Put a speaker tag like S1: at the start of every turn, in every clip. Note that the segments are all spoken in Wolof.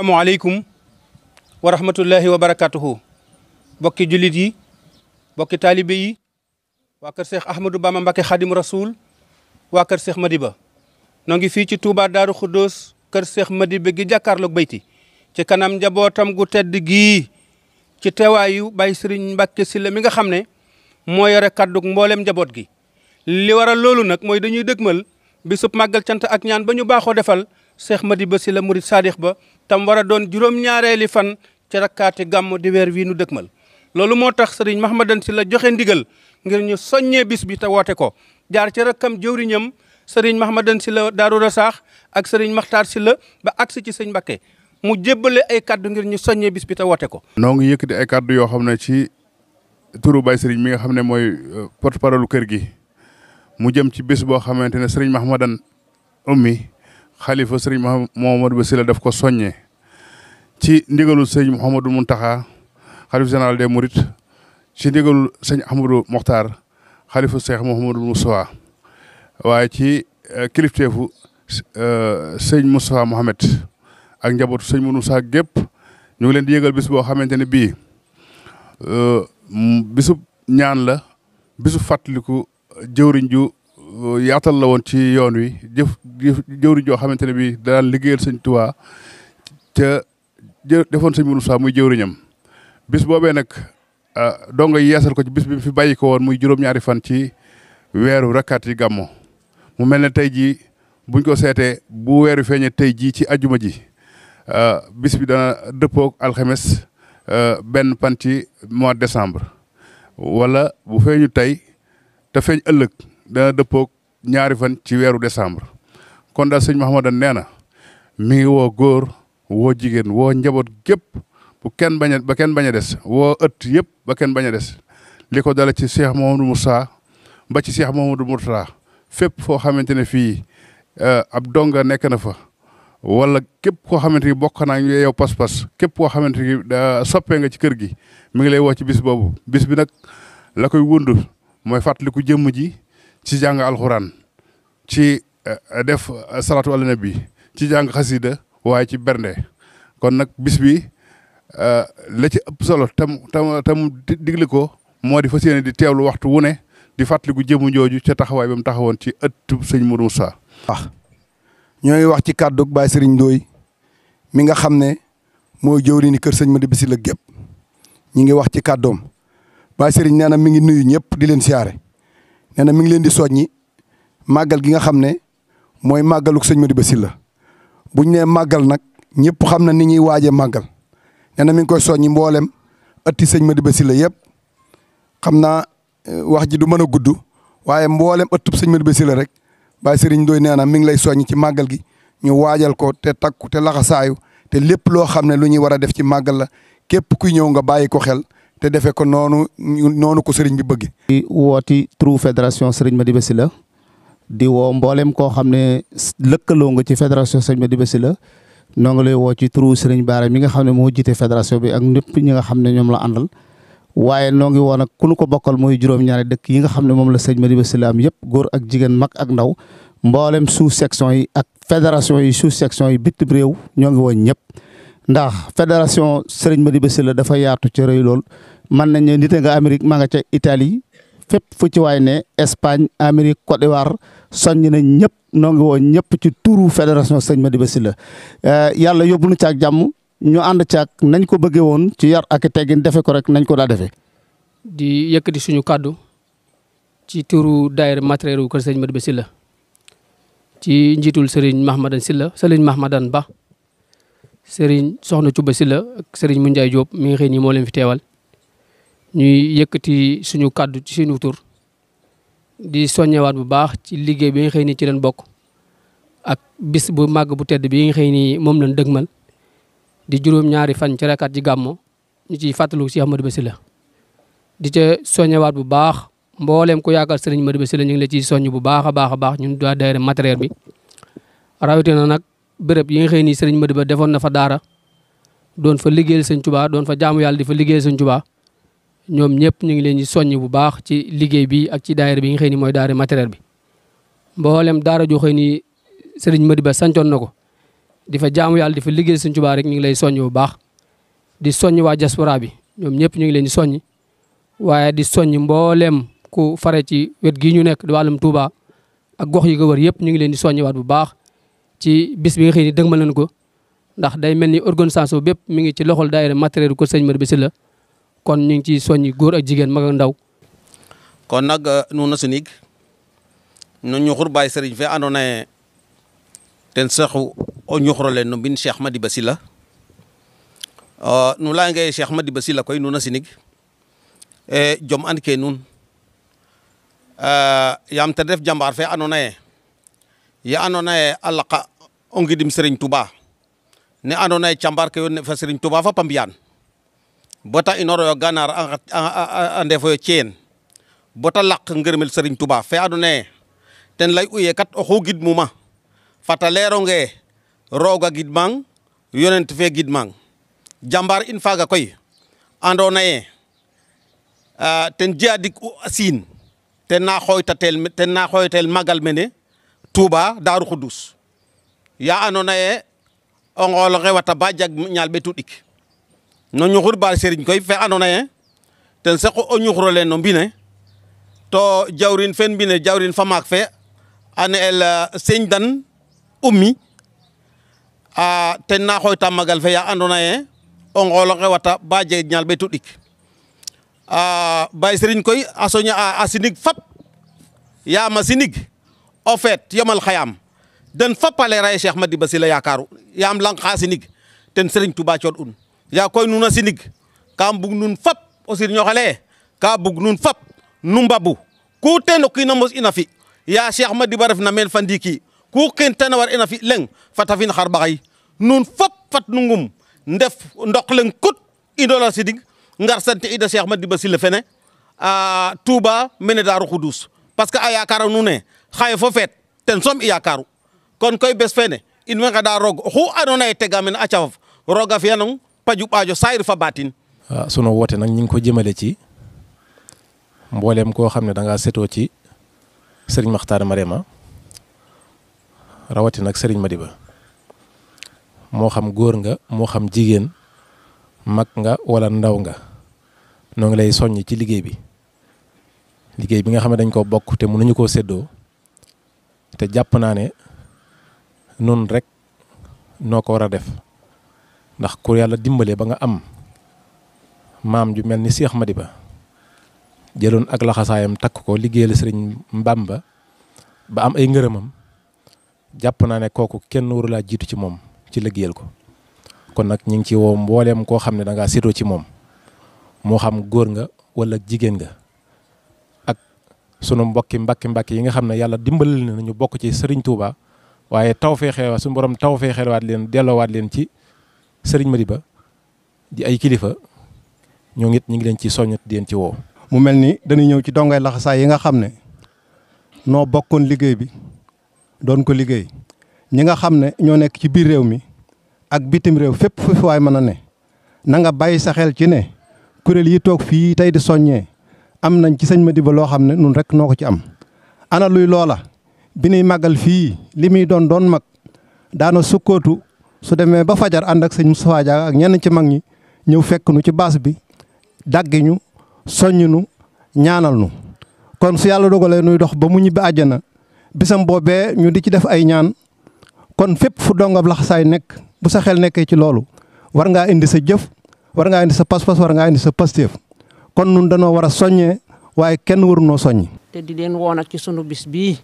S1: asalaamaaleykum wa rahmatullahi wa barakatuhu bokki jullit yi bokki taalibe yi waa kër Cheikh Ahmadou Bamba Mbacké Khadim Rasoul waa kër Cheikh Madiba noo ngi fii ci Touba Daaru Khoudoss kër Cheikh Madiba gi jàkkaarloog bayti ci kanam njabootam gu tedd gii ci teewaayu Baye Serigne Mbacké Sylla mi nga xam ne moo yore kàddug mboolem njaboot gi li waral loolu nag mooy dañuy dëgmal bisub màggal cant ak ñaan ba ñu baaxoo defal Cheikh Madiba Sylla murid saadix ba tam war a doon juróom-ñaareeli fan ci rakkaati gàmm di weer wii nu dëkkmal loolu moo tax sëriñ Mahmadan Sylla joxe ndigal ngir ñu soññee bis bi te woote ko jaar ci kam jëwriñam sëriñ Mahmadan Sylla Daaru Rasaax ak sëriñ Maxtaar Sylla ba agsi ci sëñ Mbakke mu jëbbale ay kaddu ngir ñu soññee bis bi te woote ko.
S2: noo yëkk di ay kaddu yoo xam ne ci turu Baye Serigne nga xam ne mooy euh, porte parole kër gi mu jëm ci bis boo xamante ne Serigne Mahmadan ummi xalifa sëriñ Mouhamadou Bassirou daf ko soññee ci ndigalul sëriñ Mouhamadou Mountakha xalifa général des Mourides ci ndigalul sëñ Ahmadou Mokhtar xalifa waaye ci euh, kilifteefu euh, sëñ Moussa Mohamed ak njabootu sëñ Moussa gépp ñu ngi leen di yëgal bis boo xamante ne bii euh, bisu ñaan la bisu fàttaliku jëwriñ ju yatal la woon ci yoon wi jëf jëwriñ joo xamante ne bii daan liggéeyal sëñ Tuubaa ca defoon sëñ Moussa muy jëwriñam bis boobee nag ah, dongo yeesal ko ci bis bi fi bàyyi woon muy juróom-ñaari fan ci weeru rakkaat gàmmo mu mel ne tey jii buñ ko seetee bu weeru feeñee tey jii ci ajuma ji ah, bis bi dana dëppook alxames ah, benn pan ci mois de décembre wala bu feeñu tey te feeñ ëllëg dana dëppook ñaari fan ci weeru décembre kon daal sëñ Mahamadan nee na mi ngi woo góor woo jigéen woo njaboot gépp bu kenn bañ ba kenn bañ a des woo ëtt yëpp ba kenn bañ a des li ko dala ci Cheikh Mamadou Moussa ba ci moom Cheikh mu Mourtala fépp foo xamante ne fii eh, ab donga nekk na fa wala képp koo xamante ni bokk naa ñu yow pas-pas képp koo xamante ni eh, soppee nga ci kër gi mi ngi lay woo ci bis boobu bis bi nag la koy wund mooy fàttaliku jëmm ji ci jàng alxuraan ci Eh, def eh, salatu na nabi ci jàng xasida waaye ci bernde kon nag bis bi eh, la ci ëpp solo tam tam tam ko moo di fa yéene di teewlu waxtu wu ne di fàttaliku jëmu jooju ca taxawaay ba mu taxawoon ci ëttu sëñ mu Mourou Moussa. wax ah, ñooy wax ci kàddug ba sëriñ Ndoye mi nga xam
S3: ne mooy jëwriñu kër sëñ ma Madi Bisil la gépp ñi ngi wax ci kàddoom Baye Serigne nee na mi ngi nuyu ñëpp di leen siyaare nee na mi ngi leen di soññi màggal gi nga xam ne. mooy màggaluk sëñ Madiba Sylla bu ñu nee màggal nag ñëpp xam na ni ñuy waajee màggal nee na mi ngi koy soññi mboolem ëtti sëñ Madiba Sylla yëpp xam naa eh, wax ji du mën a gudd waaye mboolem ëttub sëñ Madiba Sylla rek Baye Serigne Ndoye nee na mi ngi lay soññ ci màggal gi ñu waajal ko te takku te laxasaayu te lépp loo xam ne lu ñuy war a def ci màggal la képp kuy ñëw nga bàyyi ko xel te defee ko noonu
S4: noonu ko sëriñ bi bëgg. di wooti turu fédération Serigne Madiba Sylla di woo mboolem koo xam ne lëkkaloo nga ci fédération sëñ di Sylla noo ngi lay woo ci turu Serigne Bara mi nga xam ne moo jiite fédération bi ak ñëpp ñi nga xam ne ñoom la àndal waaye noo ngi woo nag ku nu ko bokkal mooy juróom-ñaari dëkk yi nga xam ne moom la sëñ Madiba Sylla am yëpp góor ak jigéen mag ak ndaw mboolem sous section yi ak fédération yi sous sections yi bitim réew ñoo ngi woo ñëpp. ndax ma Serigne Madiba Sylla dafa yaatu cere yi lool mën nañu nite nga Amérique maa nga ca Italie fépp fu ci waay ne Espagne Amérique Côte war soññ nañ ñëpp noo ngi woo ñëpp ci turu fédération sëñ Madiba Sylla euh, yàlla yóbbu nu caag jàmm ñu ànd caag nañ ko bëggee woon ci yar ak teggin defe ko rek nañ ko daa defee. di yëkkati suñu kàddu ci turu daayira matériel wu kër sëñ Madiba Sylla ci njiitul Serigne Mahmadan Sylla Serigne Mahmadan Ba Serigne Soxna Cuba Sylla ak Serigne Moundiaye Diop mi nga xëy nii moo leen fi teewal. ñuy yëkkati suñu kàddu ci suñu tur di soññewaat bu baax ci liggéey bi nga xëy ni ci leen bokk ak bis bu màgg bu tedd bi nga xëy ni moom lañ dëgmal di juróom-ñaari fan ci rakaat ji gàmmo ñu ciy fàttaliku si Ahmadou Bassirou la di ca soññewaat bu baax mbooleem ku yaakaar sëriñ Ahmadou la ñu ngi la ciy soññ bu baax a baax a baax ñun daa daayira matériel bi rawatina nag béréb yi nga xëy ni sëriñ Ahmadou Ba defoon na fa daara doon fa liggéeyal sëñ Tuubaa doon fa jaamu yàlla di fa liggéeyal sëñ Tuubaa ñoom ñëpp ñu ngi leen di soññ bu baax ci liggéey bi ak ci daayira bi nga xëy ni mooy daayira matériel bi mbooleem daara joo xëy ni sëriñ Madi Ba sancoon na ko di fa jaamu yàlla di fa liggéey Sëriñ Tuubaa rek ñu ngi lay soññ bu baax di soññ waa diaspora bi ñoom ñëpp ñu ngi leen di soññ waaye di soññ mboolem ku fare ci wet gii ñu nekk di wàllum Touba ak gox yi ko wër yëpp ñu ngi leen di soññewaat bu baax ci bis bi nga xëy ni dëgmal nañ ko ndax day mel ni organisation bépp mi ngi ci loxol daayira matériel ko sëriñ Madi Ba si la kon ñu ngi ciy soññi góor ak jigéen mag ndaw.
S3: kon nag euh, nuun na sinig nu ñuxur baay sëriñ fe andoona yee ten saxu o ñuxurole no mbind Cheikh Madiba Sylla euh, nu layanga yee koy nuun a sinig e jom and ke nuun euh, yaam ten ref jambaar fe andoona yee ye andoona yee a laqa o ngidim Sëriñ Tuubaa ne andoona yee cambaar ke yo ne fa Sëriñ Tuubaa fop bota inoroyo ganaar a ndefoyo ceen bota laq ngërmel serigne touba fe andoona yee ten lay uye kat oxu gidmuma fata leeronge rooga gidmang yonent fe gidmang jambar in faaga koy andoona yee ten jiyaadik u siin ten na xooytatel ten na xooytel magal mene touba daaru xudus yaa andoona yee o nqool wata ba jag ñaal ɓetu ɗik no ñuxur baal serigne koy fe andoona ten saqu o ñuxurole no mbind to jawrin fen mbind jawrin fa maak fe a ne'el euh, Sëñ Dan Ummi a ten na xooyta magal fe ya andoona o nqool wata ba jeg ñaal ɓetu a Baye Serigne koy a sinig fop yaam sinig o feet yomal xayaam den fop a leera ye Cheikh Madiba Sylla yakaru yaam lang xa sinig ten Serigne Touba cooɗ'un ya koy nuna sinig ka bug nun fap o sirñoxale ka bug nun fap nu mbabu ku ten o kiina mos ina fi yaa cheikh madiba refna meen fa ku war ina leng fata fin xar nun fap fat nungum, ndef ndok leng kut idola sidik, ngar sante ida cheikh madiba basile fene a touba mene daaru khudus parce que a karu, nu ne fo fet ten som i kon koy bes fene in way ngada roog oxu andoona yee tega a roga fi anong pajub aajo saayir fa baatin.
S5: waaw ah, sunu woote nag ñu ngi ko jëmale ci mbooleem koo xam ne da setoo ci sëriñ Maxtaar Marema rawatina ak sëriñ ba moo xam góor nga moo xam jigéen mag nga wala ndaw nga noo ngi lay soññ ci liggéey bi liggéey bi nga xam ne dañ ko bokk te mënuñu koo séddoo te jàpp naa ne noonu rek noo ko war a def. ndax ko yalla dimbalé ba nga am mam ju melni cheikh Madiba jëlone ak la xassayam tak ko liggéeyal serigne mbamba ba am ay ngeureumam japp na ne koku kenn waru la jitu ci mom ci liggéeyal ko kon nak ñing ci wo mbooleem ko xamné da nga sito ci mom mo xam goor nga wala jigen nga ak sunu mbokki mbakki mbakki yi nga xamné yalla yàlla dimbalal na ñu bok ci serigne Touba waye taw fee xeewaat borom taw fee xeewaat leen leen ci. Serigne Madiba di ay kilifa ñoo ngi ñu ngi leen ci soññat di leen ci woo. mu
S3: mel ni dañuy ñëw ci dongay laxasaay yi nga xam ne noo bokkoon liggéey bi doon ko liggéey ñi nga xam ne ñoo nekk ci biir réew mi ak bitim réew fépp fu fi waay mën a ne na nga bàyyi sa xel ci ne kuréel yi toog fii tey di soññee am nañ ci sëñ Madiba loo xam ne nun rek noo ko ci am. ana luy loola bi nuy màggal fii li muy doon doon mag daana sukkootu su demee ba fajar and ak seigne Moustapha Dia ak ñen ci mag ñi ñew fekk nu ci baas bi daggi ñu soññ ñu ñaanal nu kon su yalla dogalee nuy dox ba mu ñibbi aljana bisam bobé ñu di ci def ay ñaan kon fep fu dongab laxasaay nek bu sa xel nekkee ci lolu war nga indi sa jëf war nga indi sa pas pass war nga indi sa pastef kon nun dañu wara soñé waye kenn waru no soññ
S1: te di leen woon ak ci sunu bis bi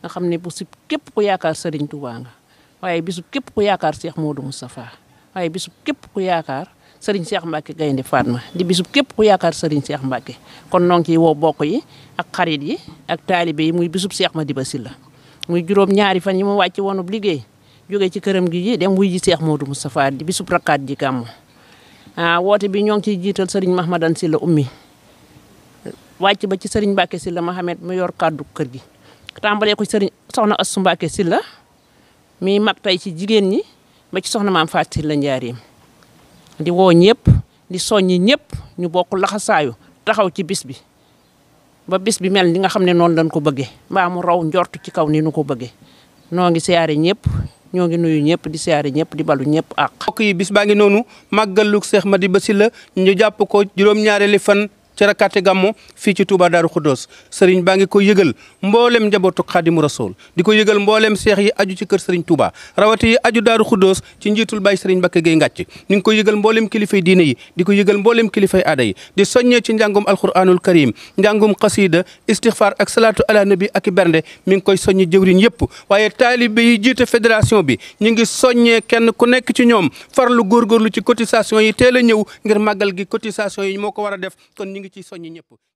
S1: nga xamné bu sip képp ku yaakar serigne touba nga waaye bisub képp ku yaakaar Cheikh Modou Moustapha waaye bisub képp ku yaakaar Serigne Cheikh Mbacke gayndi Fatma di bisub képp ku yaakaar Serigne Cheikh Mbacke kon noo ngi ciy woo bokk yi ak xarit yi ak taalibe yi muy bisub Cheikh Madiba muy juróom ñaari fan yi mu wàcc woonub liggéey jóge ci këram gi yi dem wuy Cheikh Modou Moustapha di bisub rakkaat ji gàmmu ah woote bi ñoo ngi ciy jiital Serigne Mahmadan sila ummi wàcc ba ci Serigne Mbacke sila Mohamed mu yor kàddu kër gi tàmbalee ko Serigne soxna Assou Mbacke mi mag tay ci jigen ñi ba ci soxna mam la njaareem di wo ñepp di soññi ñepp ñu bokk laxasaayu taxaw ci bis bi ba bis bi mel ni nga xamne non lañ ko bëgge ba mu raw ndortu ci kaw ni nu ko bëgge no ngi siari ñepp ñoo ngi nuyu ñepp di siari ñepp di balu ñepp ak Oki yi bis maggaluk ngi noonu màggalu cheikh madi ba ñu japp ko juroom ñaareli fan ci rakkaate gamu tuba ci Touba sering khodos serigne bangi ko yëgal mbollem njabotu khadim rasul di ko mbollem mboolem yi aju ci keur serigne Touba rawati yi aju daru khodos ci njitul bay serigne bakay gey ngatch ni ngi ko yëgal mbollem kilifay diine yi di ko mbollem mboolem kilifay yi di soññee ci njangum alquranul karim njangum qasida istighfar ak salatu ala nabi ak bernde mi ngi koy soññi jeewrin yep waye talib yi jiite federation bi ñi ngi kenn ku nekk ci ñom farlu góorgóorlu ci cotisation yi teel a ñëw ngir magal gi cotisation yi moko wara def kon ñi ngi Sonhinha, pô.